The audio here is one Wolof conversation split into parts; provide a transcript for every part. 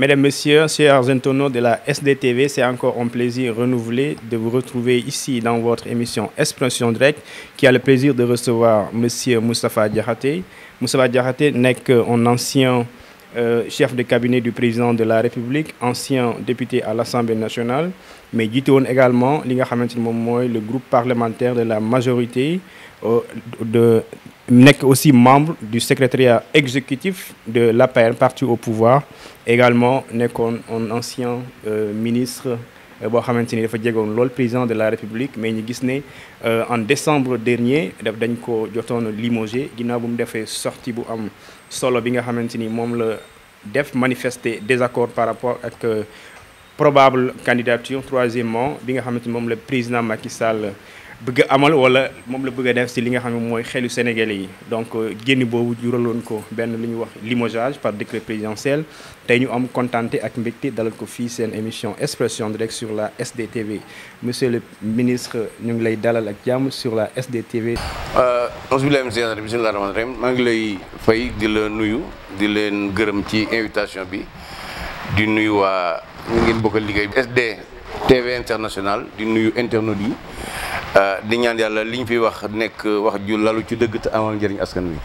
Mesdames, Messieurs, chers internautes de la SDTV, c'est encore un plaisir renouvelé de vous retrouver ici dans votre émission Expression Directe, qui a le plaisir de recevoir Monsieur Moustapha Diarate. Moustapha Diarate n'est qu'un ancien euh, chef de cabinet du président de la République, ancien député à l'Assemblée nationale, mais jiite également li nga le groupe parlementaire de la majorité euh, de aussi membre du secrétariat exécutif de l'APR parti au pouvoir également n'est un ancien euh, ministre Le euh, président de la république mais ñu gis ne en décembre dernier il a ko jotoon limogé ginnaaw bu mu defee sortie bu am solo bi nga xamante def manifester désaccord par rapport à probable candidature troisièmement bi nga xamante ni moom président Macky Sall bëgg a amal wala mom la bëgg def ci li nga xamné moy xélu Sénégalais yi donc euh, génn boobu juraloon ko benn lu wax limogeage par décret présidentiel tay ñu am contenté ak mbégte dalal ko fi seen émission expression direct sur la SDTV monsieur le ministre ñu ngi lay dalal ak jamm sur la SDTV. Euh, asalaamaaleykum bisimilah rahmaani rahiim maa ngi lay fay di la nuyu di len gërëm ci invitation bi di nuyu wa ñu ngeen bokkal liggéey SD TV international di nuyu internautes yi euh, di ñaan yalla liñ fi wax nek wax ju lalu ci deug ta amal jëriñ askan wi.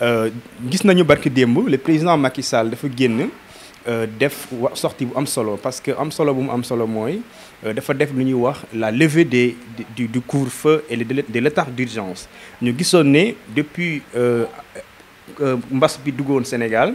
euh gis nañu barki démb le président Macky Sall dafa génn euh, def wa sortie bu am solo parce que am solo bu mu am solo mooy euh, dafa def lu ñuy wax la levée des du du couvre-feu et de l'état d'urgence ñu gisoon depuis euh mbass bi dugoon Sénégal.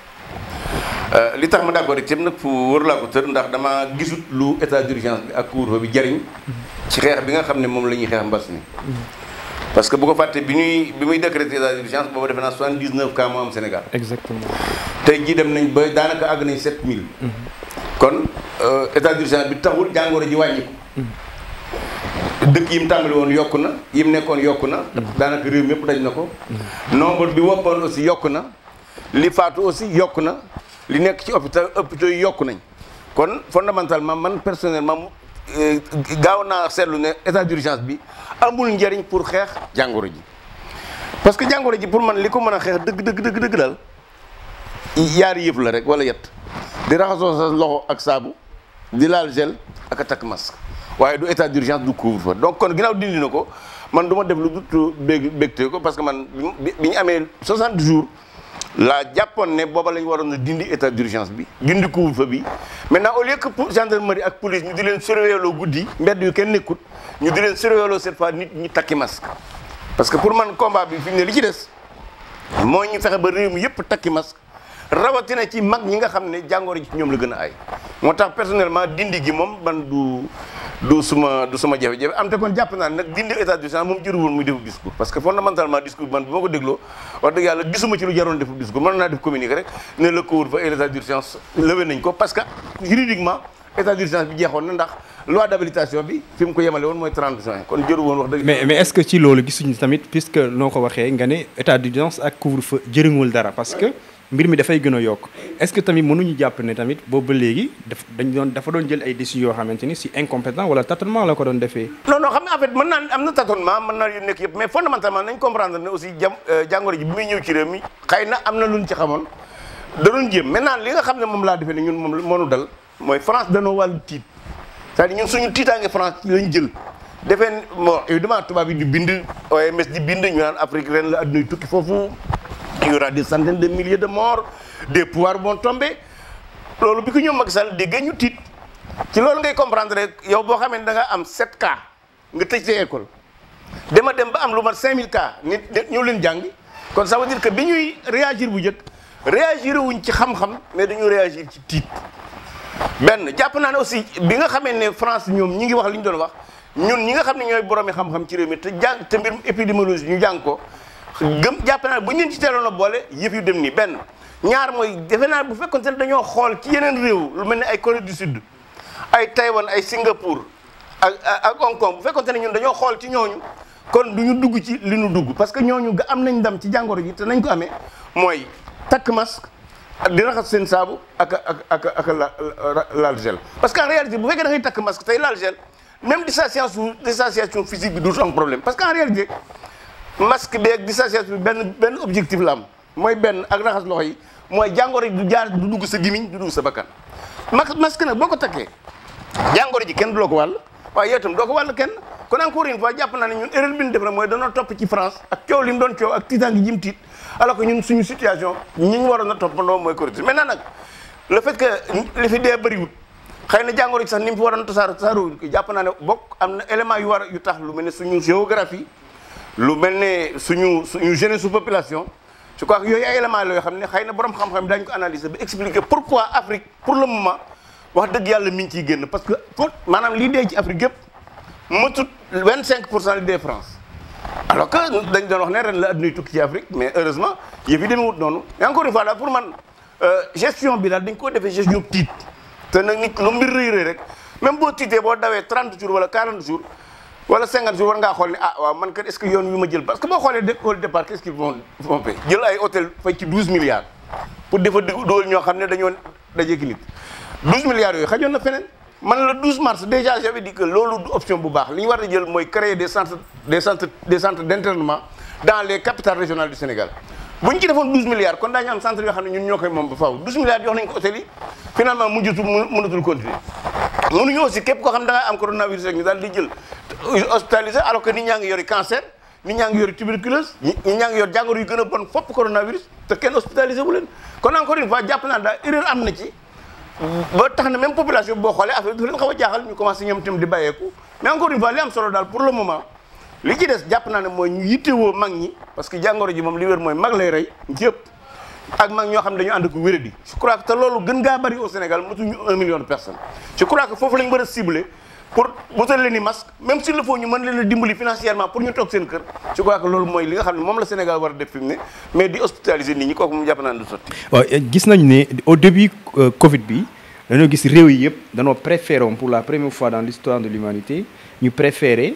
Euh, li tax ma d'accord itam nag fu wër laa ko tër ndax damaa gisut lu état d'urgence bi ak couvre-feu bi jariñ ci xeex bi nga xam ne moom la ñuy xeex mbas mi parce que bu ko fàttee bi ñuy bi muy décréter état d'urgence boobu defe naa 79 cas moo am Sénégal. exactement tey jii dem nañ ba daanaka àgg nañ mille mhm. kon euh, état d'urgence bi taxul jàngoro ji wàññi ko. Mhm. dëkk yi mu tàmbali woon yokku na yi mu nekkoon yokku na. Mhm. daanaka réew mi yëpp na ko. nombre bi woppoon aussi yokku na. li faatu aussi yokku na. li nekk ci hôpital hôpitaux yi yokku nañ kon fondamentalement man personnellement euh, gaaw naa seetlu ne état d'urgence bi amul njariñ pour xeex jàngoro ji parce que jàngoro ji pour man li ko mën a xeex dëgg dëgg dëgg dëgg daal yaari yëf la rek wala yet di raxasoo sa loxo ak saabu di laal gel ak a takk masque waaye du état d'urgence du couvre-feu donc kon ginaaw dindi na ko man du ma def lu dut bég bégte ko parce que man bi ñu amee 60 jours laa jàppoon ne booba la ñu waroon na dindi état d'urgence bi dindi couvre-feu bi maintenant au lieu que gendarmerie ak police ñu di leen surveilloo guddi mbedd yu kenn nekkut ñu di leen surveilloo cette fois nit ñu takki masque parce que pour man combat bi fi mu ne li ci des mooy ñu fexe ba réew mi yëpp takki masque rawatina ci mag ñi nga xam ne jàngoro ji ci ñoom la gën a ay moo tax personnellement dindi gi moom man du du suma du suma jafe-jafe am te kon jàpp naa nag dindi état d'urgence moom jëruwul muy defu discours parce que fondamentalement discours man bi ma ko dégloo wax dëgg yàlla gisuma ci lu jaroon defu discours mën naa def communiqué rek ne le couvre-feu et l'état d'urgence levé nañ ko parce que juridiquement état d'urgence bi jeexoon na ndax loi d'habilitation bi fi mu ko yemale woon mooy 30 juin kon jëru woon wax dëgg. mais mais est-ce que ci loolu dara parce que. mbir mi dafay gën a yokk est-ce que tamit mënuñu jàpp ne tamit boobu ba léegi daf dañ doon dafa doon jël ay décisions yoo xamante ni si incompétent wala tâtonnement la ko doon defee non non xam nga en fait mën naa am na tâtonnement mën naa yu nekk yëpp mais fondamentalement nañ comprendre ne aussi jam euh, jàngoro ji bi muy ñëw ci réew mi xëy na am na luñ ci xamoon da doon jéem maintenant li nga xam ne moom laa defee ne ñun moom moo nu dal mooy France danoo wàllu tiit c'est-à-dire ñun suñu tiitaange France lañ jël defee bon évidemment tubaab bi di bind OMS di bind ñu naan Afrique ren la addunay tukki foofu il y aura des centaines de milliers de morts des pouvoirs vont tomber Lolo bi ko ñu Macky Sall déggee ñu tiit ci loolu ngay comprendre rek yow bo xamee da nga am 7 cas nga tej ci école Dema dem ba am lu mat 5000 cas nit ñu leen jang. kon ça veut dire que bi ñuy réagir bu jëk réagir wuñ ci xam-xam mais dañu réagir ci tit. Ben japp naa aussi bi nga xamé né France ñom ñi ngi wax liñ doon wax ñun ñi nga xamné ñoy ñooy xam-xam ci réew mi te jang te mbir épidémiologie ñu jang ko gëm jappena bu ñeen ci teeloon a boole yëf yu dem ni ben ñaar moy defe bu fekkon seen dañoo xool ci yeneen réew lu melni ay Corée du Sud ay Taïwan ay Singapour ak ak Hong Kong bu fekkon seen ñun dañoo xool ci ñooñu kon duñu dugg ci li ñu dugg parce que ñooñu ga am nañ ndam ci jangoro ji te nañ ko amé moy tak masque di raxat seen saabu ak ak ak ak laal parce que en réalité bu fekkee da ngay takk masque tey laal gel même distanciation distanciation physique bi du am problème parce que en réalité masque bi ak distanciation bi benn benn objectif la mooy benn ak raxas loxo yi mooy jàngoro yi du jaar dugg sa gimiñ du dugg sa bakkan masque nag boo ko takkee jàngoro ji kenn du la ko waaye yow itam doo ko kenn kon encore une fois jàpp naa ne ñun erreur bi ñu def mooy danoo topp ci France ak coow li mu doon coow ak tiitaan gi jim tiit alors que ñun suñu situation ñi ñu waroon a toppandoo mooy correcte maintenant nag le fait que li fi dee bëriwut xëy na jàngoro ji sax ni mu fi waroon a tasaaroo jàpp naa ne bokk am na élément yu war yu tax lu mel ne suñu géographie Nous mel ne suñu population je crois qu'il y a un élément qui nous ne borom xam-xam analyser expliquer pourquoi l'Afrique, pour le moment est dëgg yàlla mi parce que l'idée de l'Afrique, ci Afrique 25 de l'idée France alors que nous doon wax en ren la heureusement, il ci Afrique mais heureusement yëf yi demewut noonu et encore une fois la pour man euh, gestion bi daal dañ koo defee gestion petite. te nag nit lu mbir même si vous avez 30 jours ou 40 jours wala war ngaa xool ne ah waaw man kat est-ce que yoon wi ma jël parce que boo xoolee dé au départ ce qu'ils vont vont jël ay hôtel fay ci milliards pour dafa dóol ñoo xam ne dañoo dajeeki nit douze milliards yooyu xajoon na feneen man la 12 mars déjà j'avais dit que loolu du option bu baax li ñu war a jël mooy créer des centres des centres des centres d'internement dans les capitales régionales du Sénégal bu ñu ci defoon 12 milliards kon daañu am centre yoo xam ne ñun ñoo koy moom ba faaw 12 milliards jox koo xam ne da nga am ñu daal di jël hospitalisé alors que nit ngi yori cancer nit ñaa yori tuberculose nit ñaa yor jàngoro yu gën a bon fopp coronavirus te kenn hospitalisé wu leen kon encore une fois jàpp naa daal erreur am na ci ba tax na même population boo xoolee affaire dafa leen xaw a jaaxal ñu commencé ñoom tam di bàyyeeku mais encore une fois am solo daal pour le moment li ci des jàpp naa ne mooy ñu yittewoo mag ñi parce que jàngoro ji moom li wér mooy mag lay rey yëpp ak mag ñoo xam ne dañu ànd ko wéradi je crois que te loolu gën ngaa bari au Sénégal motuñu un million de personnes je crois que foofu a ciblé pour wutal leen ni a dimbali financièrement pour ñu moom la Sénégal war a def fi ne mais di hospitaliser nit ñi kooku moom jàpp naa ne du sotti eh, gis nañ ne au début euh, Covid bi dañoo gis réew yi yëpp dañoo préféré pour la première fois dans l'histoire de l'humanité ñu préféré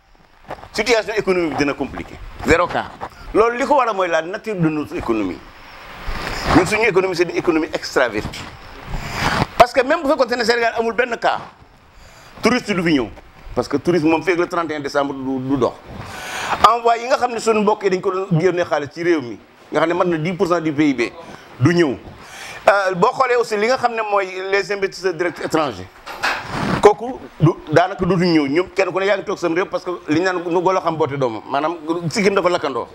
situation économique dina compliqué zéro cas loolu liko wara moy la nature de notre économie ñun suñu économie c'est une économie extravertie parce que même bu fekkoon ne Sénégal amul ben cas touriste du fi ñëw parce que tourisme mom feeg le 31 décembre du dox envoyé yi nga xam suñu mbokk dañ ko doon génne ci réew mi nga xam ne na 10 du PIB du euh bo xolé aussi li nga xamné moy les investisseurs directs étrangers kooku du daanaka dootu ñëw ñoom kenn ku ne yaa ngi toog sam réew parce que li ñu naan nu golo xam boote doomam maanaam sikkim dafa lakkandoo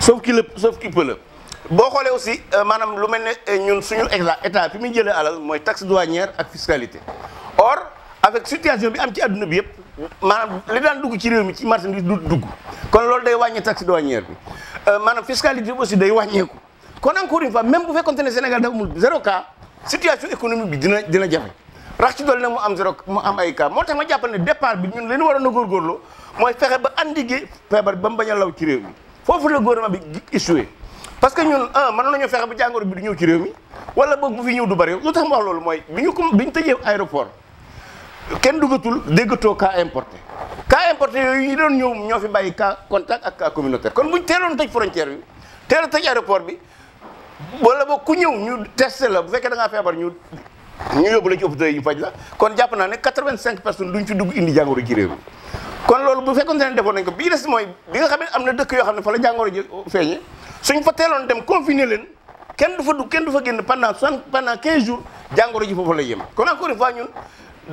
sauf ki la sauf ki pëla boo xoolee aussi euh, maanaam lu mel ne euh, ñun suñu état fi muy jëlee alal mooy taxe douanière ak fiscalité or avec situation bi am ci àdduna bi yëpp maanaam li daan dugg ci réew mi ci marchandise du dugg kon loolu day wàññi taxe douanière bi euh, maanaam fiscalité bi aussi day wàññeeku kon encore une fois même bu fekkoon ne Sénégal dafa amul zéro cas situation économique bi dina dina jafe rax ci dol nag mu am zero mu am ay cas moo tax ma japp ne départ bi ñun leen ñu waroon a góorgóorlu mooy fexe ba andi gi feebar ba law ci réew mi fofu la gouvernement bi échoué parce que ñun un man nañu fexé ba jangor bi du ñew ci réew mi wala boog bu fi ñew du bari lu tax ma wax lool moy biñu ko biñu tejé aéroport kenn dugatul déggatoo ka importé ka importé yoy ñi doon ñew ño fi bayyi ka contact ak ka communautaire kon buñu téron tej frontière bi teel tej aéroport bi wala bok ku ñew ñu testé la bu fekké da nga feebar ñu ñu yóbbu la ci hôpital ñu faj la kon jàpp naa ne quatre-vingt-cinq personnes duñ ci dugg indi jàngoro ci réew mi kon loolu bu fekkoon ne defoon nañ ko bii des mooy bi nga xam am na dëkk yoo xam ne fa la jàngoro ji feeñe suñ fa teeloon dem confiné leen kenn du fa dugg kenn du fa génn pendant soixante pendant quinze jours jàngoro ji foofu la yem kon encore une fois ñun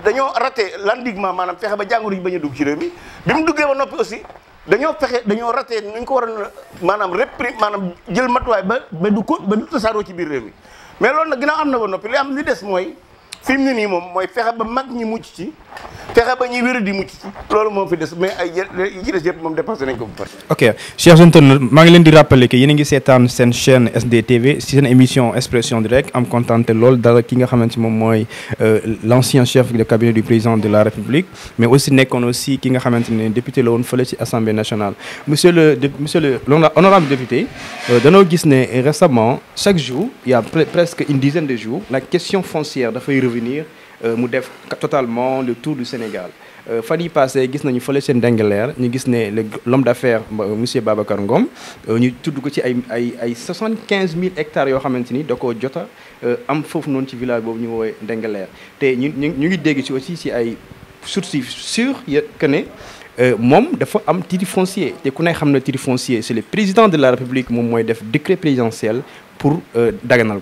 dañoo raté l'endiguement maanaam fexe ba jàngoro ji ba a dugg ci réew mi bi mu duggee ba noppi aussi dañoo fexe dañoo raté nuñ ko waroon maanaam réprim maanaam jël matuwaay ba ba ko ba du ci biir réew mi mais loolu nag ginnaaw am na ba noppi li am li des mooy fim mu nii moom mooy fexe ba mag ñi mucc ci Je mais ok chers internautes je rappeler que vous a ngi chaîne SDTV c'est une émission expression direct, am suis content dara ki nga euh, l'ancien chef du cabinet du président de la république mais aussi que aussi ki nga député de l'Assemblée nationale monsieur le honorable député dans nos guises récemment chaque jour il y a presque une dizaine de jours la question foncière doit revenir euh, mu def totalement le tour du Sénégal euh, Fanny passé gis nañu fële sen ñu gis né l'homme d'affaires euh, monsieur Babacar Ngom ñu ko ci ay ay hectares yo xamanteni da am nous Nous ci village ñu ñu ñu dégg ci aussi ci que c'est le président de la République mom def décret présidentiel pour daganal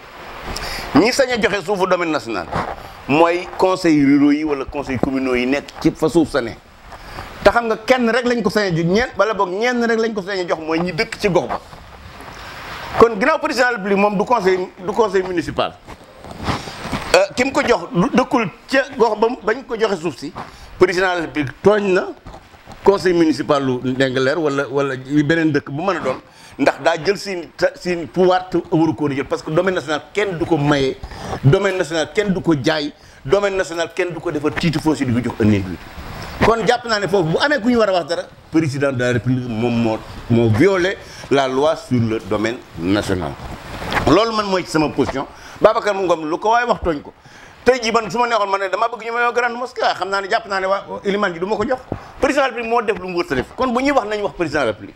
ñi sañ a joxe suufu domaine national mooy conseil ruraux yi wala conseil communaux yi nekk ci fa suuf sa ne te xam nga kenn rek lañ ko sañ a ñeen wala boog ñenn rek lañ ko sañ a jox mooy ñi dëkk ci gox ba kon ginnaaw président de moom du conseil du conseil municipal euh, ki mu ko jox du dëkkul ca gox ba bañ ko joxe suuf si président de la tooñ na conseil municipal lu Ndingler wala wala beneen dëkk bu mën a doon ndax daa jël si seen pouvoir te waru jël parce que domaine national kenn du ko maye domaine national kenn du ko jaay domaine national kenn du ko defar titre foncier di ko jox un individu kon jàpp naa ne foofu bu amee ku ñu war a wax moom moo moo violé la loi sur le domaine national loolu man mooy ci sama position Babacar mu ah, du ma ko jox président république moo def lu mu wër sa def kon bu ñuy wax nañu wax président république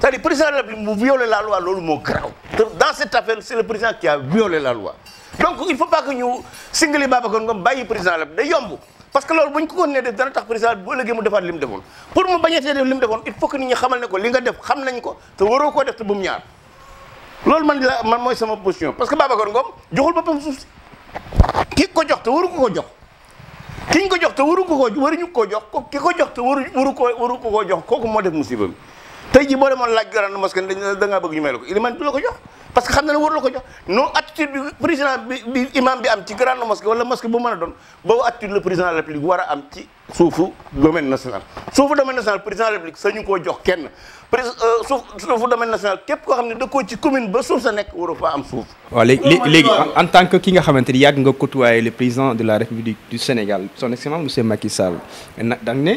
c'est-à-dire président de la République mu violé la loi loolu moo garaaw te dans cette affaire c'est le président qui a violé la loi donc il faut pas que ñu singali Babacar Ngom bàyyi président de la République yomb parce que loolu bu ñu ko continuer def dana tax président bu ëllëgee mu defaat li def li mu il faut que nit ñi xamal ne ko li nga def xam nañ ko te waroo koo def te bu mu ñaar loolu man la man mooy sama position parce que Babacar Ngom joxul boppam suuf si ki ko jox te waru ko ko jox ki ñu ko jox te waru ko ko waruñu ko jox ko ki ko jox te waru waru ko waru ko ko jox kooku moo def musiba bi tey bo boo demoon laaj grande mosquée da nga bëgg ñu mel ko iliman man la ko jox parce que xam na ne waru la ko jox non attitude bi président bi bi imam bi am ci grand mosquée wala mosquée bu mëna don bo attitude le président de la république wara am ci suufu domaine national suufu domaine national président de la république sañu ko jox kenn pré euh, suuf suufu domaine national képp ko xam ne da ko ci commune ba suuf sa nek waroo fa am suuf wa légui léegi en tant que ki nga xamanteni yag nga côtoyer le président de la république du Sénégal son excellence monsieur Macky Sall nag dang ne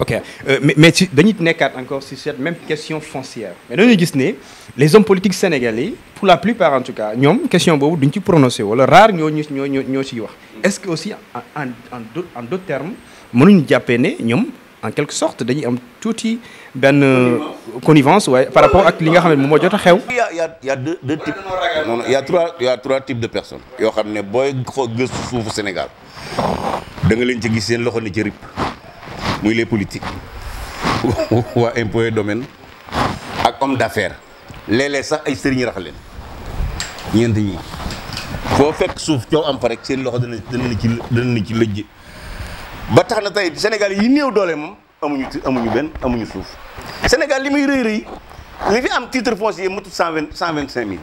ok euh, mais Denis encore sur cette même question foncière mais dañuy politicians, les hommes politiques sénégalais pour la plupart en tout cas ils question rare est-ce que aussi en d'autres termes en quelque sorte euh, connivence par rapport à ce que y' a deux types non y' a trois y' a trois types de personnes. Sénégal muy les politiques wa impôt domaine ak homme d'affaires léeg-léeg sax ay serigne rax leen ñeent ñi foo fekk suuf coow am fa rek seen loxo dana dana ci dana ci lëjj ba taxna tay tey Sénégal yi néew doole mom amuñu amuñu ben amuñu souf Sénégal limuy reuy reuy li fi am titre foncier mu tudd cent mille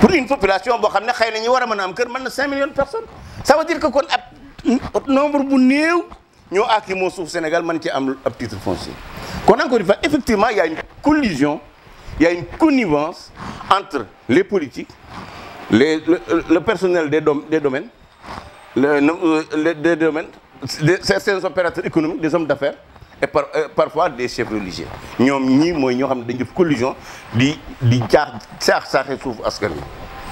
pour une population bo xam xeyna ñi wara mëna am kër mën na millions de personnes ça veut dire que kon ab nombre bu néew. Nous, àkki moom Sénégal titre foncier effectivement il y a une collision il y a une connivence entre les politiques le, personnel des domaines le, domaines certains opérateurs économiques des hommes d'affaires et euh, parfois des chefs religieux Nous avons une collusion collision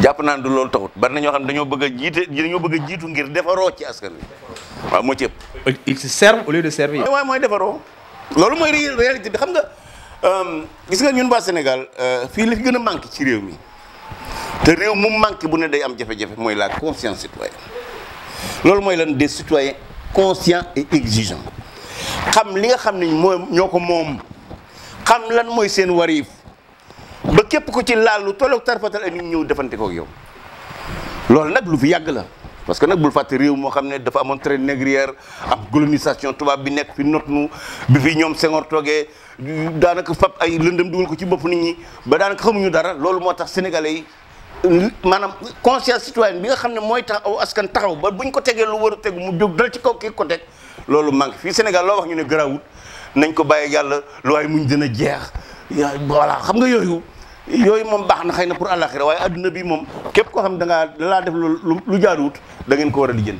jàpp naan du loolu taxut bari na ñoo xam ne dañoo bëgg a jiite dañoo bëgg a jiitu ngir defaroo ci askan wi waaw moo ci ëpp. il se serve au lieu de servir. waaw mooy defaroo loolu mooy réalité bi xam nga euh, gis nga ñun waa Sénégal euh, fii la gën a manqué ci réew mi te réew mu manqué bu ne day am jafe-jafe mooy la conscience citoyenne loolu mooy lan de citoyens conscients et exigeants xam li nga xam ne moom ñoo ko moom xam lan mooy seen wari ba képp ku ci laal lu tolloog tarfatal amin ñëw defante ko yow loolu nag lu fi yàgg la parce que nag bul fàtte réew moo xam ne dafa amoon traite négrière am colonisation tubaab bi nekk fi not nu bi fi ñoom Senghor toogee daanaka fab ay lëndëm dugal ko ci bopp nit ñi ba daanaka xamuñu dara loolu moo tax sénégalais maanaam conscience citoyenne bi nga xam ne mooy tax aw askan taxaw ba buñ ko tegee lu war a tegu mu jóg dal ci kaw kii ko teg loolu manque fii Sénégal loo ñu ne garaawut nañ ko bàyyi yàlla lu waaye muñ dina jeex voilà xam nga yooyu yooyu mom baxna xeyna pour àllaaxira waye aduna bi mom kep ko xam da nga la def lu lu jaaduwut da ngeen ko wara a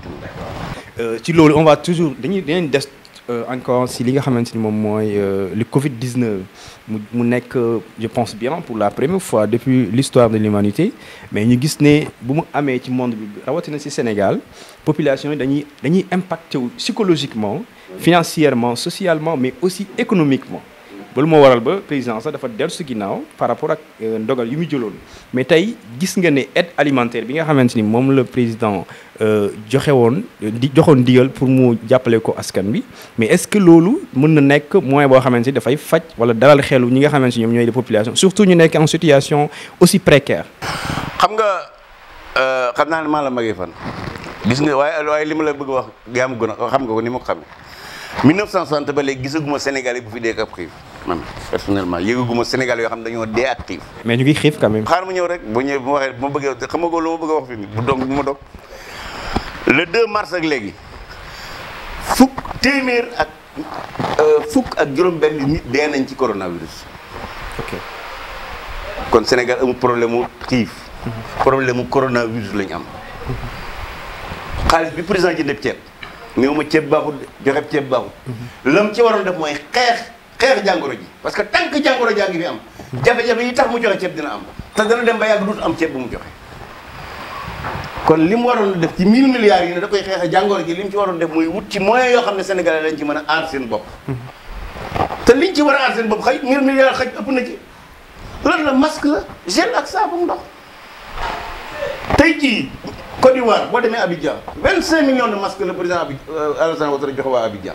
euh ci lolu on va toujours dañuy dañuy des euh, encore si li nga xamante ni moom mooy euh, le Covid 19 mu mu nekk je pense bien pour la première fois depuis l'histoire de l'humanité mais ñu gis ne bu mu amé ci monde bi rawatina ci Sénégal population yi dañuy dañuy impacté psychologiquement financièrement socialement mais aussi économiquement loolu mo waral ba président dafa dellu si ginnaaw par rapport ak euh, ndogal yu mu jëloon mais tey gis nga ne aide alimentaire bi nga xamante ni moom la président euh, joxe woon di joxoon digal pour mu jàppale ko askan bi mais est-ce que loolu mën na nekk moyen boo xamante ni dafay faj wala dalal xelu ñi nga xamante ni ñoom ñooy de population surtout ñu nekk en situation aussi précaire. xam nga euh, xam naa ne maa la magee fan. gis nga waaye waaye li ma la bëgg wax yaa ma gën a xam nga ko ni ma ko xamee 1960 ba léegi gisaguma Sénégalais bu fi dee ak xiif man personnellement yëgaguma Sénégal yoo xam ne dañoo dee ak xiif. mais ñu ngi xiif quand même. ma ñëw rek bu ñëwee bu ma waxee bu ma bëggee xam nga lu ma bëgg a wax léegi fukk téeméer euh, fukk ak juróom-benn nit nañ ci coronavirus. kon Sénégal amul problème mu xiif. problème mu coronavirus lañu am. xaalis bi président ci def ceeb. néew ma ceeb baaxul joxe ceeb baaxul. Mhm. lam ci waroon def mooy xeex. xeex jàngoro ji parce que tant que jàngoro jaa ngi fi am jafe-jafe yi tax mu joxe ceeb dina am te dana dem ba yàgg dut am ceeb bu mu joxe kon li mu waroon def ci mille yi ne da koy xeex jàngoro ji li mu ci waroon def mooy wut ci moyens yoo xam ne sénégalais lañ ci mën a aar seen bopp te liñ ci war a aar seen bopp xëy mille milliards xëy ëpp na ci loolu la masque la gel ak saabu ndox tey jii Côte d'Ivoire boo demee Abidjan vingt cinq millions de masques le président euh, Alassane Ouattara joxe waa Abidjan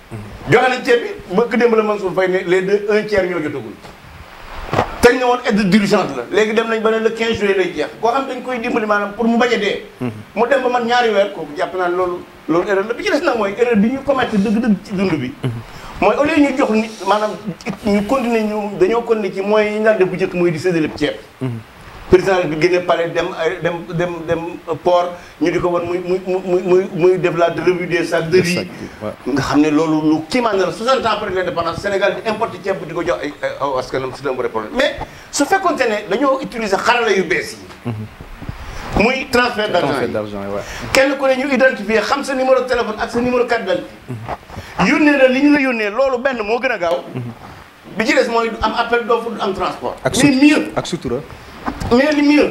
joxe nañ ceeb bi ma démb la Mansour Faye ne les deux un tiers ñoo jotagul teñ ne woon aide d'urgence la léegi dem nañ ba ne le 15 juillet lay jeex koo xam dañ koy dimbali maanaam pour mu bañ a dee mhm. mu dem ba man ñaari weer kooku jàpp naa loolu loolu erreur la bi ci des nag mooy erreur bi ñu commettre dëgg-dëgg ci dund bi mhm. mooy au lieu ñu jox nit maanaam ñu continuer ñu dañoo continuer ci mooy yi ñu daan def bu njëkk mooy di séddale ceeb mhm. président bi génne palais dem dem dem dem port ñu diko won muy muy muy muy def la revue des sacs de riz nga xamné lolu loolu lu kiimaan la 60 ans après l'indépendance Sénégal di importe ci bu diko jox ay aw askanam c'est un vrai problème mais su fekkoonte ne dañu utiliser xarala yu bees yi muy transfert d'argent yi kenn ku ne ñu identifier xam sa numéro téléphone ak sa numéro carte d'identité yone la li la yone lolu benn mo gëna gaaw bi ci dess moy am appel d'offre am transport mais mieux ak sutura ñu ne li mieux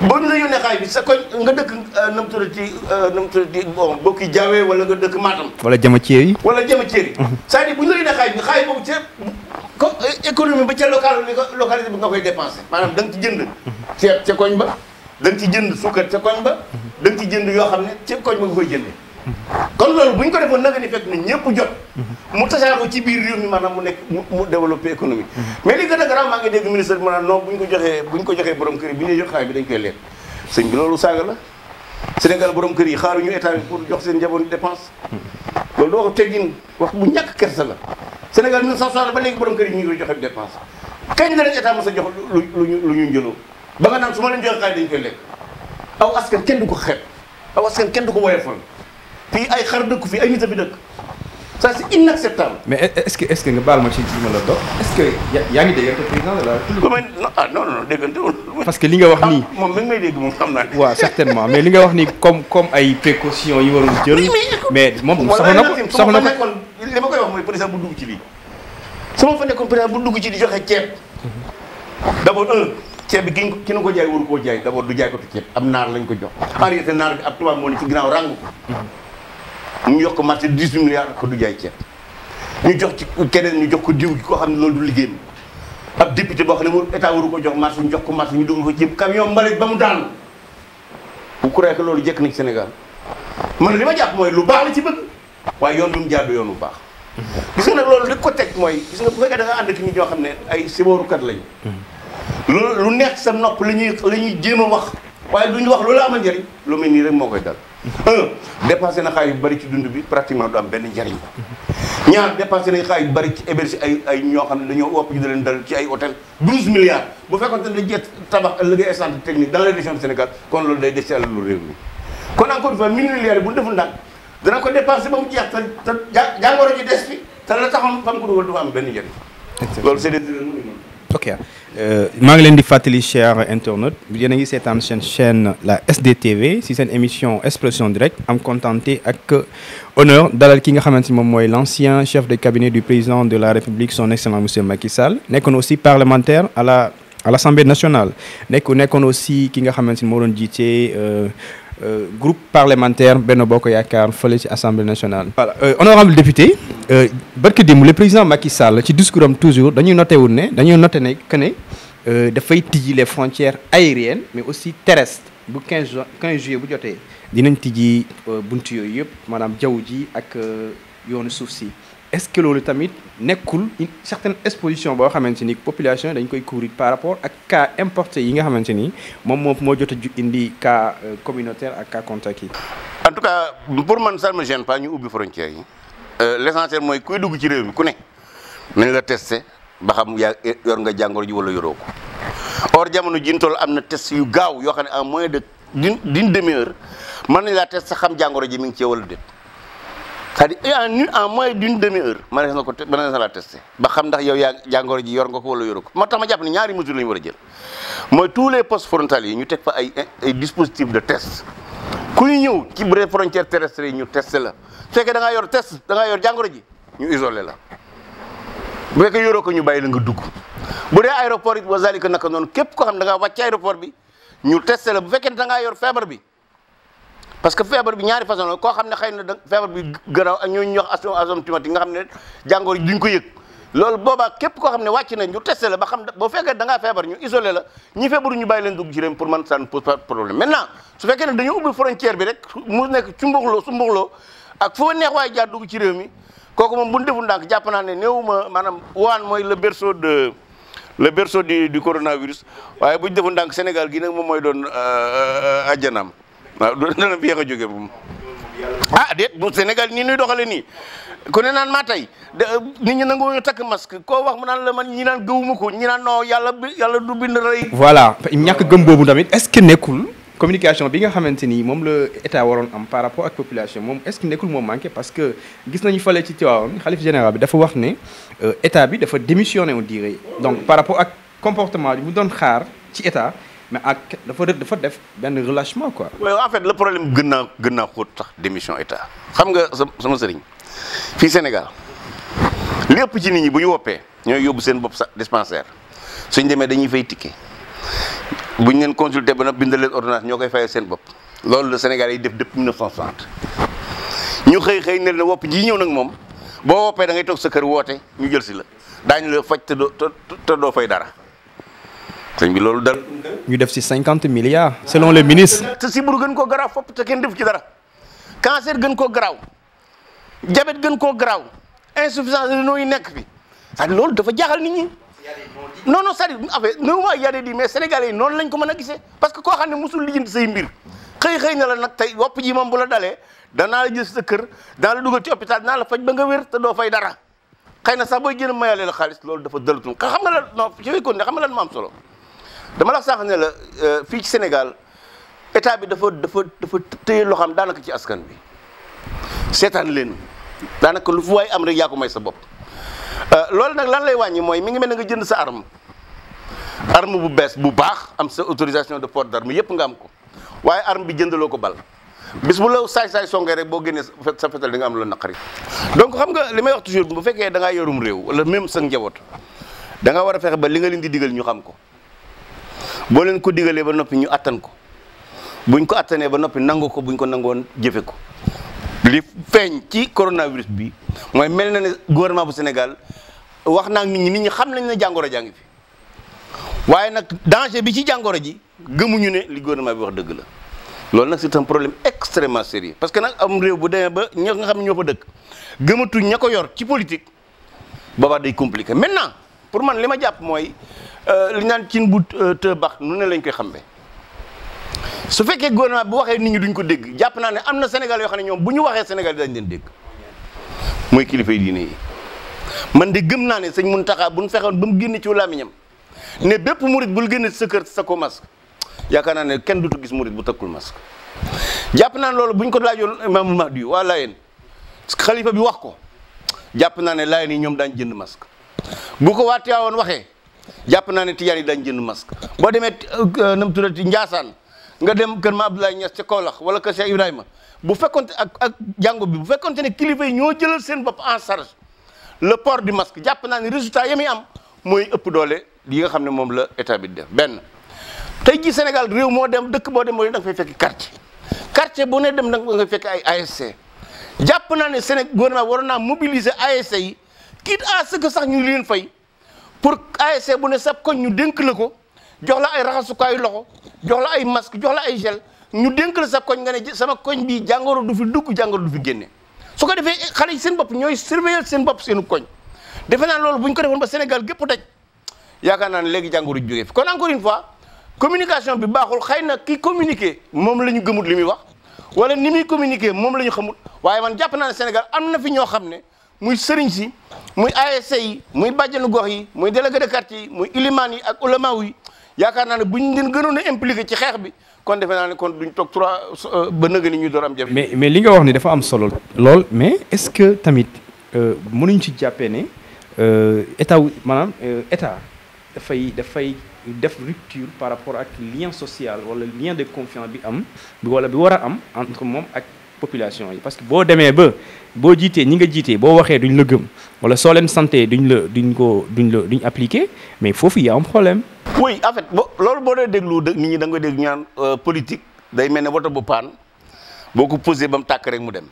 boo ñu la yónnee xaalis bi sa koñ nga dëkk euh, nu mu tuddati euh, nu mu tuddati bon bokki Jawe wala nga dëkk Matam. wala jëma ceeb yi. wala jëma ceeb yi. c'est-à-dire bu ñu la yónnee xaalis bi xaalis boobu ceeb euh, ko économie ba ca local localité bi nga koy dépensé maanaam da nga ci jënd. ceeb ca koñ ba da nga ci jënd suukar ca koñ ba. Mhm. dang nga ci jënd yoo xam ne ca koñ ba nga koy jëndee. kon loolu bu ñu ko defoon naka ni fekk ñun ñëpp jot. Mhm. mu tasaare ko ci biir réew maanaam mu nekk mu développé économie. Mhm. mais li gën a garaaw maa ngi dégg ministre bi maanaam non bu ñu ko joxee bu ñu ko joxee borom kër yi bu ñuy jox xaalis bi dañ loolu saaga la Sénégal borom kër yi xaaruñu état bi pour jox seen njaboot dépense. Mhm. loolu doo ko teggin wax bu ñàkk kersa la Sénégal 1960 ba léegi borom kër yi ñu ngi koy joxe dépense kañ la leen état mos a jox lu lu lu ñu jëloo ba nga naan su ma leen joxe xaalis dañ koy lekk aw askan kenn du ko xeeb aw askan kenn du ko woyofal fii ay xar dëkk fii ay nit a fi dëkk ça c'est inacceptable. mais est-ce que est-ce que nga baal ma ci li ma la dox ah, parce que li nga wax nii ah, moom mi may dégg moom xam naa ne. mais li nga wax nii comme comme ay précautions yi waroon jël. mais moom soxla ko soxla ko li ma koy wax mooy président bu dugg ci lii. su ma fa nekkoon bu dugg ci di joxe ceeb d'abord un ceeb bi ki ki ko jaay waru koo jaay d'abord du jaay ko te ceeb am naar lañ ko jox en réalité naar bi ab tubaab ñu ko marché dix huit milliards ko du jaay ceeb ñu jox ci keneen ñu jox ko diw gi koo xam ne loolu du liggéeyam ab député boo xam ne moom état waru ko jox marché ñu jox ko marché ñu dugal ko ci camion mbalit ba mu daanu vous croyez que loolu jekk nañ ci Sénégal man li ma jàpp mooy lu baax la ci bëgg waaye yoon bi mu jaar yoon bu baax. gis nga nag loolu ko teg mooy gis nga bu fekkee da nga ànd xam ne ay siboorukat lañu. loolu lu neex sa nopp la ñuy la ñuy jéem a wax waaye duñu wax loolu la am njëriñ lu mel nii rek moo koy dal. un dépensé na xaalis yu bari ci dund bi pratiquement du am benn njariñ ñaar dépensé nañ xaalis yu bari ci héberge ay ñoo xam ne dañoo wopp ñu da leen dal ci ay hôtel 12 milliards bu fekkoon te dañ jet tabax liggéey centre technique dans les régions du Sénégal kon loolu day des ci àlalu réew mi kon encore une fois mille milliards bu ñu deful ndànk dana ko dépensé ba mu jeex te te jàngoro ji des fi ta la taxoon fam ko dugal du fa am benn njariñ loolu c'est ok je euh, ngi chère cher internaute Vous avez vu cette chaîne la SDTV c'est une émission explosion directe suis contenté ak honneur dalal ki nga l'ancien chef de cabinet du président de la république son excellent monsieur Macky Sall est aussi parlementaire à la à nationale nekk est aussi ki nga euh, euh, groupe parlementaire Benno Bokk Follet assemblée nationale. honorable député euh, barki démb le président Macky Sall ci discours am toujours dañuy noté wu ne noté ne que ne euh, dafay tijji les frontières aériennes mais aussi terrestres bu 15 15 juillet bu jotee dinañ tijji euh, bunt yooyu yëpp maanaam jaww ji ak yoonu est-ce que loolu tamit nekkul une certaine exposition boo xamante population dañ koy couvrir par rapport ak cas importé yi nga xamante ni moom moo indi cas communautaire ak cas contact en tout cas pour man ça ne me gêne pas ñu ubbi frontières yi. Euh, l'essentiel mooy kuy dugg ci réew mi ku ne nañ la teste ba xam yaa yor nga jàngoro ji wala yoroo ko or jamono ji ñu am na test yu gaaw yoo xam ne en moins de d'une demi-heure mën nañ laa test xam jàngoro ji mi ngi cee wala déet c'est-à-dire en moins d'une demi-heure mën nañ la ko mën nañ ba xam ndax yow yaa ji yor nga ko wala yoroo ko moo tax ma jàpp ne ñaari mesures la war a jël mooy tous les postes frontaliers yi ñu teg fa ay ay dispositifs de test kuy ñëw ci bu dee frontière terrestre yi ñu testé la su fekkee da ngaa yor test da ngaa yor jàngoro ji ñu isolé la bu fekkee yoroo ko ñu bay la nga dugg bu dee aéroport it wazalika naka noonu képp koo xam da ngaa wàcc aéroport bi ñu testé la bu fekkee da ngaa yor feebar bi parce que feebar bi ñaari façon la koo xam ne xëy na feebar bi gannaaw a ñooñu ñuy wax asymptomatique nga xam ne jàngoro ji duñ ko yëg loolu boobaa képp koo xam ne wàcc nañ ñu testé ba xam boo fekkee da ngaa feebar ñu isolé la ñi feebaru ñu bàyyi leen dugg jirém pour man ça ne pose pas problème maintenant su fekkee ne dañu ubbi frontière bi rek mu nekk su mbuxloo su mbuxloo ak foo neex waaye jaar dugg ci réew mi kooku moom bu ñu deful ndànk jàpp naa ne néewuma maanaam waan mooy le berceau de le berceau du du coronavirus waaye bu ñu deful ndànk Sénégal gi nag moom mooy doon ajjanaam euh, euh, euh, waaw dana fi yéex a jógee moom ah déet bu Sénégal ni nuy doxale ni ku ne nan ma tay nit ñi nanguwuñu tak masque ko wax mu nan la man ñi nan gëwuma ko ñi naan non yalla yàlla du bind rey. voilà ñàkk gëm bobu tamit est-ce que nekul communication bi nga xamanteni mom le état waroon am par rapport ak population mom est-ce que nekul mom manqué parce que gis nañu fale ci Tivaouane xalif général bi dafa wax né euh, état bi dafa démissionner on dirait donc par rapport ak comportement bi mu doon xaar ci état. mais ak dafa dafa def benn relâchement quoi. oui en fait le problème gën naa gën naa xóot sax démission état xam nga sama sëriñ fii Sénégal lépp ci nit ñi bu ñu woppee ñooy yóbbu seen bopp sax dispensaire suñ demee dañuy fay ticket buñ neen consulter ba na bindal leen ordonnance ñoo koy fayee seen bopp loolu la Sénégal yi def depuis 1960 ñu xëy xëy ne la wopp ji ñëw nag moom boo woppee da ngay toog sa kër woote ñu jël si la daañu la faj te doo te doo fay dara. sëñ bi loolu dal ñu def ci cinquante milliards selon le ministre te siburu gën koo garaaw fopp te kenn def ci dara cancer gën koo garaaw diabète gën koo garaaw insuffisance rénaux yi nekk fi c'est loolu dafa jaaxal nit ñi non non c'est affaire non waa yàlla di mais sénégalais yi noonu lañ ko mën a gisee parce que koo xam ne mosul lijjanti say mbir xëy xëy na la nag tey wopp ji moom bu la dalee danaa la jël sa kër danaa la dugal ci hôpital danaa la faj ba nga wér te doo fay dara xëy sax booy gën a mayalee la xaalis dafa dëlatul xam nga lan non ci fekkoon ne xam nga lan ma am solo dama la sax ne la euh, fii ci Sénégal état bi dafa dafa dafa téye loo xam daanaka ci askan bi seetaan leen daanaka lu fu waay am rek yaa ko may sa bopp euh, loolu nag lan lay wàññi mooy mi ngi mel ne nga jënd sa arme arme bu bees bu baax am sa autorisation de port d'arme yëpp nga am ko waaye arme bi jëndaloo ko bal bis bu la saay-saay songee rek boo génnee sa fetal di nga am lu naqari donc xam nga li may wax toujours bu fekkee da ngaa yorum réew wala même sa njaboot da nga war a fexe ba li nga leen di digal ñu xam ko boo leen ko digalee ba noppi ñu attan ko buñ ko attanee ba noppi nangu ko buñ ko nangoon jëfe ko li feeñ ci coronavirus bi mooy mel na ne gouvernement bu Sénégal wax naa nit ñi nit ñi xam nañ ne jàngoro jaa ngi fi waaye nag danger bi ci jàngoro ji gëmuñu ne li gouvernement bi wax dëgg la loolu nag c'est un problème extrêmement sérieux parce que nag am réew bu demee ba ñoo nga xam ne ñoo fa dëkk gëmatuñ ña ko yor ci politique boobaa day compliqué maintenant pour man li ma jàpp mooy euh, li naan cin bu euh, të bax ne lañ koy xambe su fekkee gouvernement bu waxee nit ñi duñ ko dégg jàpp naa ne am na Sénégal yoo xam ne ñoom bu ñu waxee Sénégal dañ leen dégg kilifa yi diine man de gëm naa ne sëñ Mountakha bu ñu fexewoon génn ci làmmiñam ne bépp murit bul génn sa kër sa ko masque yaakaar naa ne kenn dutu gis murit bu takkul masque jàpp naa ne loolu bu ñu ko laajoon Imaamul Mahdi waa Laayeen xalifa bi wax ko jàpp naa ne Laayeen yi ñoom daañ jënd masque bu ko waa Tiwaawoon waxee jàpp naa ne tijaan yi daañu jënd masque boo demee euh, nam tuddati Njaasaan nga dem kër ma Abdoulaye Niass ca Kaolack wala kër Cheikh Ibrahima bu fekkonte ak ak jàngo bi bu fekkonte ne kilifa yi ñoo jëlal seen bopp en charge le port du masque jàpp naa ne résultat yi muy am mooy ëpp doole yi nga xam ne moom la état bi def benn tey ji Sénégal réew moo dem dëkk boo dem boo da nga fekk quartier quartier boo ne dem da nga fekk ay ASC jàpp naa ne Sénégal gouvernement waroon naa mobiliser ASC yi quitte à ce que sax ñu leen fay pour ASC bu ne sab koñ ñu dénk la ko jox la ay raxasukaayu loxo jox la ay masque jox la ay gel ñu dénk la sab koñ nga ne sama koñ bii jàngoro du fi dugg jàngoro du fi génne su ko defee eh, xale yi seen bopp ñooy surveiller seen bopp seenu koñ defe naa loolu buñ ko ko defoon ba Sénégal gépp daj yaakaar naa ne léegi jàngoro jógee fi kon encore une communication bi baaxul xëy na ki communiqué moom la ñu gëmut li muy wax wala ni muy communiqué moom la ñu xamul waaye man jàpp naa Sénégal am na fi ñoo xam ne muy serigne ci muy ASC yi muy bàjjenu gox yi muy délégué de quartier yi muy ilimaan yi ak ulamaaw yi yaakaar naa ne bu ñu leen gënoon a impliqué ci xeex bi kon defe naa ne kon duñ toog trois euh, ba nëgë ni ñu door am jafe. mais mais li nga wax ni dafa am solo lool mais est-ce que tamit euh, mënuñ ci jàppee ne euh, état maanaam état dafay dafay def rupture par rapport ak lien social wala lien de confiance bi am wala bi war a am entre moom ak population yi parce que bo demee ba bo jité ñi nga jité bo waxé duñ la gëm wala soo leen santé duñ le duñ ko duñ le duñ appliquer mais fofu y a un problème. oui en fait lolu bo do boo dee déglu dëgg nit ñi da nga koy dégg ñaan euh, politique day melni ne woto bu paan boo poser bam tak rek mu dem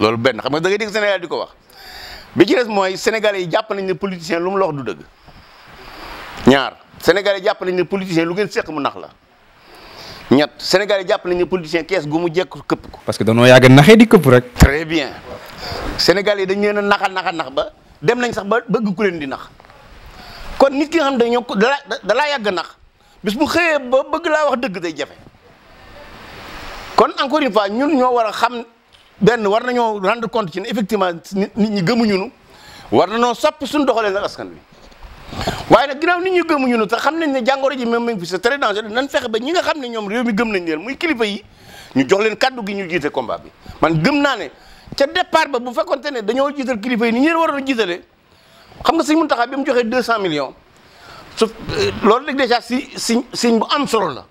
lolu ben xam nga da nga dégg Sénégal diko wax bi ci res moy sénégalais yi jàpp nañ ne politicien lu mu wax du deug ñaar sénégalais japp nañ ne politicien lu ngeen seq mu nax la. ñett Sénégal jàpp nañu ne politicien kees gu mu jekk këpp ko. parce que danoo yàgg naxee di këpp rek. très bien Sénégal yi dañ leen a naxa naxa nax ba dem nañ sax ba bëgg ku leen di nax kon nit ki xam dañoo ko dalaa dalaa yàgg nax bis mu xëyee ba bëgg laa wax dëgg day jafe kon encore une fois ñun ñoo war a xam benn war nañoo rendre compte ci ne effectivement nit ñi gëmu nu war na noo soppi suñu doxalee nag askan bi waaye nag ginnaaw nit ñu gëmuñu nu te xam nañ ne jàngoro ji même même fi c'est très dangereux nan fexe ba ñi nga xam ne ñoom réew mi gëm nañ leen muy kilifa yi ñu jox leen kaddu gi ñu jiite combat bi man gëm naa ne ca départ ba bu fekkonte ne dañoo jiital kilifa yi ni ñu leen waroon a jiitalee xam nga mun Muntaxa bi mu deux 200 millions su euh, loolu rek déjà si si siñ bu am solo la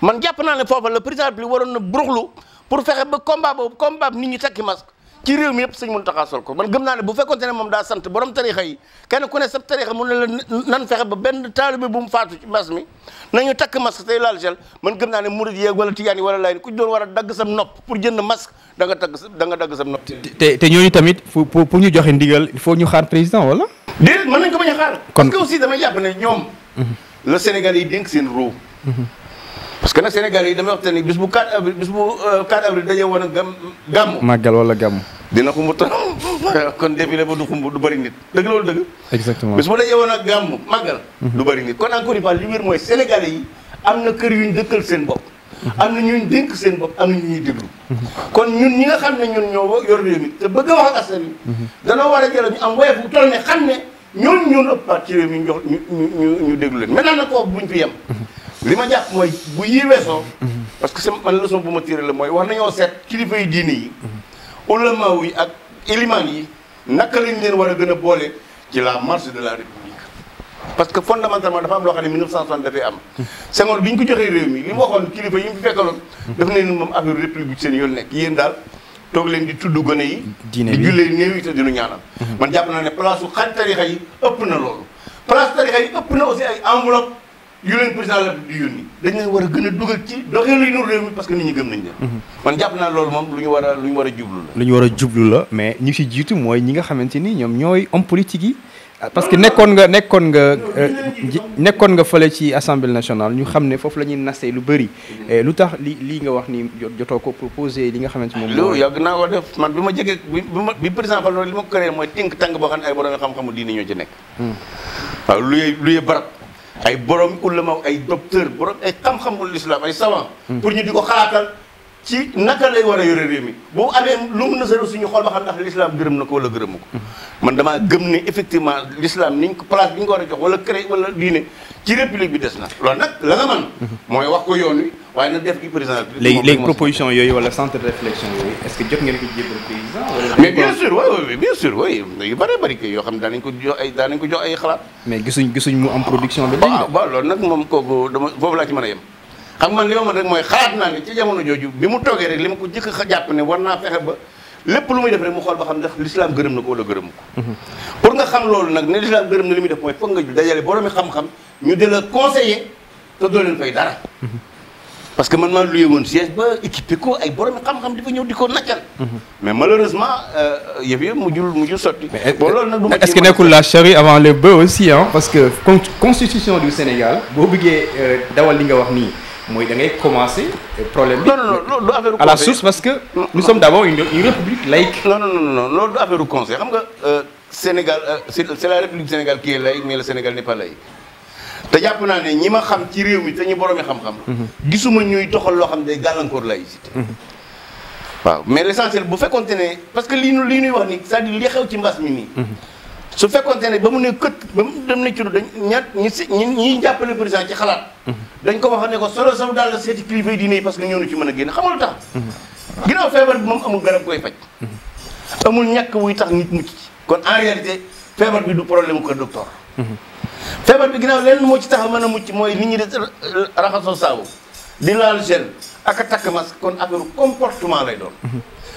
man jàpp naa ne foofa le président bi waroon na buruxlu pour fexe ba combat boobu combat nit ñi takki masque ci réew mi yëpp sëñ Muntaxa sol ko man gëm naa ne bu fekkonte ne moom daa sant borom tarixa yi kenn ku ne sa tarixa mun ne nan fexe ba benn taalibe bu mu faatu ci mbas mi nañu takk masque tey laal gel man gëm naa ne murid yeeg wala tijaan yi wala laay ku doon war a dagg sam nopp pour jënd masque da nga dagg da nga dagg sam nopp te te ñooñu tamit pour pour ñu joxe ndigal il faut ñu xaar président wala déedéet mën nañ ko bañ a xaar parce que aussi damay jàpp ne ñoom mhm. la Sénégal yi dénk seen ruu parce que na Sénégal yi damay waxtaan ni bis bu 4 avril bis bu 4 euh, avril daje woon a gam gàmm. màggal wala gàmm. dina xumb kon défilé ba du xumb du bëri nit dëgg loolu dëgg. exactement bis bu daje woon a mhm. du bëri kon encore une li wér mooy Sénégalais yi am na kër yu ñu dëkkal seen bopp. Mhm. am na ñu dénk seen bopp am na ñu ñuy déglu. Mhm. kon ñun ñi nga xam ne ñun ñoo yor réew mi te bëgg a wax ak askan wi. danoo war a jël ñu am woyof bu toll ne ñu jox ñu ñu ñu déglu leen maintenant nag kooku buñ fi yem. li ma jàpp mooy bu yii weesoo. parce que c'est man leçon bu ma tiré la mooy wax nañoo seet kilifa yi diine yi. ulamaaw yi ak élimaan yi naka lañ leen war a gën a boole ci la marche de la république. parce que fondamentalement dafa am loo xam ne 1960 dafay am. Senghor bi ñu ko joxee réew mi li mu waxoon kilifa yi mu fi fekkaloon. daf ne leen moom affaire république seen yoon nekk yéen daal toog leen di tudd gone yi. diine bi di jullee néew yi te dinu ñaanal. man jàpp naa ne place su xaj tarixa yi ëpp na loolu. place tarixa yu leen président la di yónni dañ leen war a gën a dugal ci doxee parce que nit gëm nañ leen mhm. man jàpp naa loolu moom lu ñu war a lu a jublu la lu ñu war a jublu la mais ñi si jiitu mooy ñi nga xamante ni ñoom ñooy homme politique yi ah, parce que nekkoon nga nekkoon nga euh, nekkoon nga fële ci assemblée national ñu xam ne foofu la ñuy nasee lu bëri mhm. eh, lu tax li lii nga wax ni jotoo ko proposé li nga xamante moom loolu yàgg naa ko def man bi ma jege bi ma bi président fal li ma ko créé mooy tënk tàng boo xam ne ay borom xam-xamu diine ñoo ci nekk hmm. ay borom ulama ay docteur borom ay xam-xamul islam ay savant. Hmm. pour ñu di ko xalaatal ci naka lay war a yore réew mi bu amee lu na nasaru suñu xool ba xam ndax l'islam gërëm na ko wala gërëmu ko. Hmm. man damaa gëm ne effectivement l'islam niñ ko place bi ñu war a jox wala créé wala diine ci république bi des na loolu nag la nga mën mooy wax ko yoon wi waaye nag def gi président léegi léegi proposition yooyu wala centre de réflexion yooyu est-ce que jot ngeen ko yoo xam ne daanañ ko jox ay daanañ ko jox ay xalaat mais gisuñ gisuñ mu am production bi ma waaw loolu nag moom kooku dama foofu laa ci mën a yem xam nga li ma mën rek mooy xalaat naa ne ci jamono jooju bi mu toogee rek li ma ko jëkk a jàpp ne war naa fexe ba lépp lu muy def rek mu xool ba xam ndax l'islam gërëm na ko wala gërëm ko pour nga xam loolu nag ne l'islam gërëm na li muy def mooy foog nga dajale boroomi xam-xam ñu di la conseiller te doo koy dara parce que man maa luye woon siège ba équipé ko ay boroomi xam-xam di fa ñëw di ko naccal mais malheureusement euh, yëf yi mujjul mujjul sotti bon loolu que nekkul la charrue avant le bœuf aussi parce que constitution du Sénégal boo bëggee euh, dawal li nga wax nii moi da ngay commencer euh, problème bi. à la source parce que. nous sommes d'abord une une république laïque. non non non non loolu du affaire du conseil xam nga euh, Sénégal euh, c'est la république du Sénégal qui est laïque mais le Sénégal n'est pas laïque. te jàpp naa ne ñi ma xam ci réew mi te ñu boroomi xam-xam. Mhm. gisuma ñuy doxal loo xam ne day gàllankoor laïcité. Mhm. waaw mais l'essentiel bu fekkonte ne parce que lii nu lii nuy wax ni c'est-à-dire li xew ci mbas mi nii. Mhm. su fekkonté né ba né keut kët dem né ci dañ ñat ñi si ñi jappalé président ci xalaat mhm. dañ ko waxone ko solo sam dal seeti privé diiné parce que ñoonu ci mëna a xamul tax mhm. ginaaw fébar bi mom amul garab koy fajj mhm. amul ñak wuy tax nit mucc kon en réalité fébar bi du problème ko docteur fébar bi ginaaw lén mo ci tax mëna a mucc moy nit ñi di raxaso saabu di laal gel ak tak mas kon affaire comportement lay doon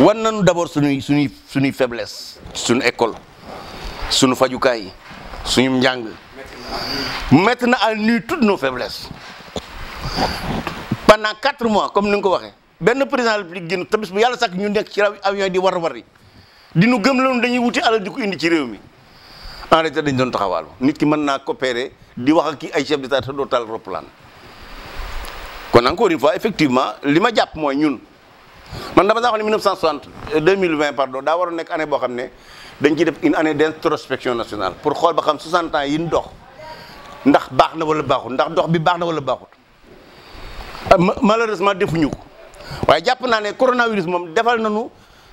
wan nañu d'abord suñu suñu suñu faiblesse suñu école suñu fajukay suñu njàng mettre al à nu toutes nos faiblesses pendant 4 mois comme ningo waxe ben président de la république guen tabis bu yalla sak ñu nek ci avion di war war di ñu gëm lañu dañuy wuti alal ko indi ci réew mi en réalité dañ doon taxawal nit ki mën na coopérer di wax ak ay chef d'état do tal roplan kon encore une fois effectivement lima japp moy ñun man dama sax wax ne 1960 2020 euh, pardon daa waroon nekk année boo xam ne dañ ciy def in une année d'introspection nationale pour xool ba xam 60 ans yi ñu dox ndax baax na wala baaxut ndax dox bi baax na wala baaxut euh, malheureusement defuñu ko waaye jàpp naa ne coronavirus moom defal nañu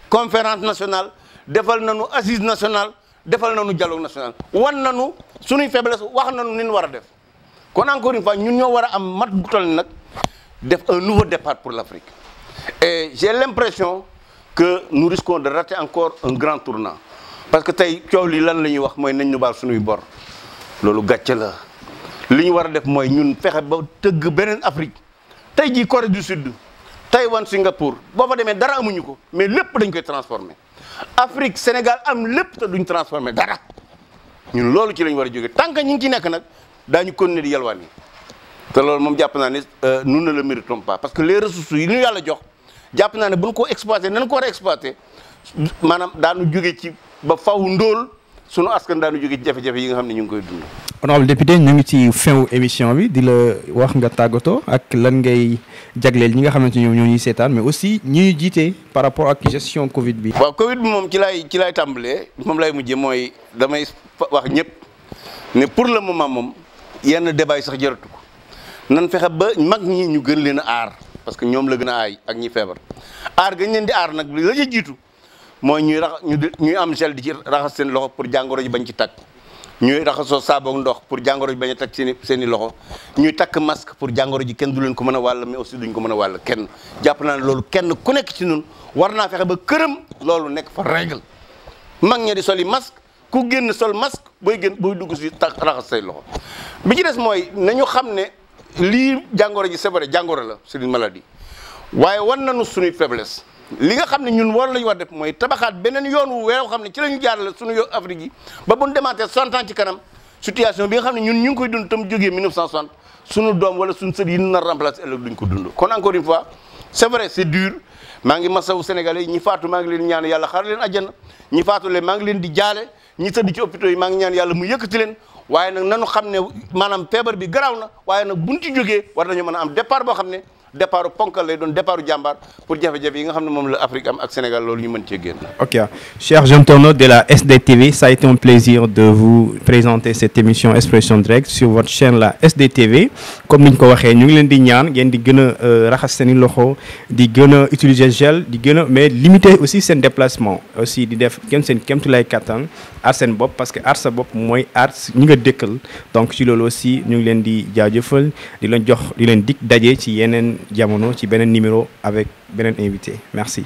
conférence nationale defal nu assise nationale defal na nu dialogue national wan nañu suñuy faiblesse wax nañu ni ñu war a def kon encore une fois ñun ñoo war a am mat bu toll nag def un nouveau départ pour l'Afrique Et j'ai l'impression que nous risquons de rater encore un grand tournant. Parce que tay coow li lan la wax moy nañ ñu baal suñuy bor Lolu gàcce la Liñ wara def moy ñun fexé ba teug benen Afrique Tay ji Corée du Sud Taïwan Singapour boo fa demee dara amuñu ko mais lepp dañ koy transformer Afrique Sénégal am lepp te duñ transformer dara ñun lolu ci lañ wara joggé. Tank ñing tant que ci nekk nak dañu continuer di yalwaan yi te loolu moom jàpp naa ne euh, nous ne le méritons pas parce que les ressources yi ñu Yalla jox. jàpp naa ne bu ñu ko exploité nañ ko war a exploité maanaam daanu jóge ci ba faw ndóol sunu askan daanu jóge ci jafe-jafe yi nga xam ne ñu ngi koy dund. honorable député ñu ngi ci fin émission bi di la wax nga tàggatoo ak lan ngay jagleel ñi nga xamante ñoom ñoo ñuy seetaan mais aussi ñi ñu jiite par rapport ak gestion Covid bi. waaw Covid bi moom ci laay ci laay tàmbalee moom laay mujjee mooy damay wax ñëpp ne pour le moment moom yenn débat yi sax jaratu ko nan fexe ba mag ñi ñu gën leen a aar parce que ñoom la gën a aay ak ñi feebar aar gañ leen di aar nag la ca jiitu mooy ñuy rax ñuy am gel di ci raxas seen loxo pour jàngoro ji bañ ci takk ñuy raxasoo saaboog ndox pour jàngoro ji bañ a takk seen i loxo ñuy takk masque pour jàngoro ji kenn du leen ko mën a wàll mais aussi duñ ko mën a wàll kenn jàpp naa ne loolu kenn ku nekk ci ñun war naa fexe ba këram loolu nekk fa règle mag ña di sol yi masque ku génn sol masque booy gën booy dugg si takk raxas say loxo bi ci des mooy nañu xam ne lii jàngoro ji c'est jàngoro la c'est une waaye wan nañu suñuy faiblesse li nga xam ne ñun war lañu war def mooy tabaxaat beneen yoon wu weeroo xam ne ci la ñu jaarale suñu yoon Afrique yi ba bu ñu demaatee 60 ans ci kanam situation bi nga xam ne ñun ñu ngi koy dund tam jógee 1960 suñu doom wala suñu sët yi ñu nar remplacer ëllëg ko dund kon encore une fois c'est vrai c'est dur maa ngi masawu sénégalais yi ñi faatu maa ngi leen ñaan yàlla xaar leen àjjana ñi faatu maa ngi leen di jaale ñi tëdd ci hôpitaux yi maa ngi ñaan yàlla mu yëkkati leen waaye nag nanu xam ne maanaam feebar bi garaaw na waaye nag buñ ci jógee war nañu mën a am départ boo xam ne départu ponkal lay doon départu jambar pour jafé jafé yi nga xamné mom moom la Afrique am ak Sénégal loolu ñu mën cee génn. ok chers internautes de la SDTV ça a été un plaisir de vous présenter cette émission Expression Direct sur votre chaîne la SDTV comme ni ñu ko waxé ñu ngi leen di ñaan ngeen di gëna a euh, raxas seen loxo di gëna utiliser gel di gëna mais limiter aussi sen déplacement aussi di def kenn seen kéemtulaay kattan. Arsène Bob parce que aar Bob moy Ars aar ñi nga donc ci lolu aussi ñu ngi leen di jaajëfal di leen jox di leen dik dajé ci yenen jamono ci benen numéro avec benen invité merci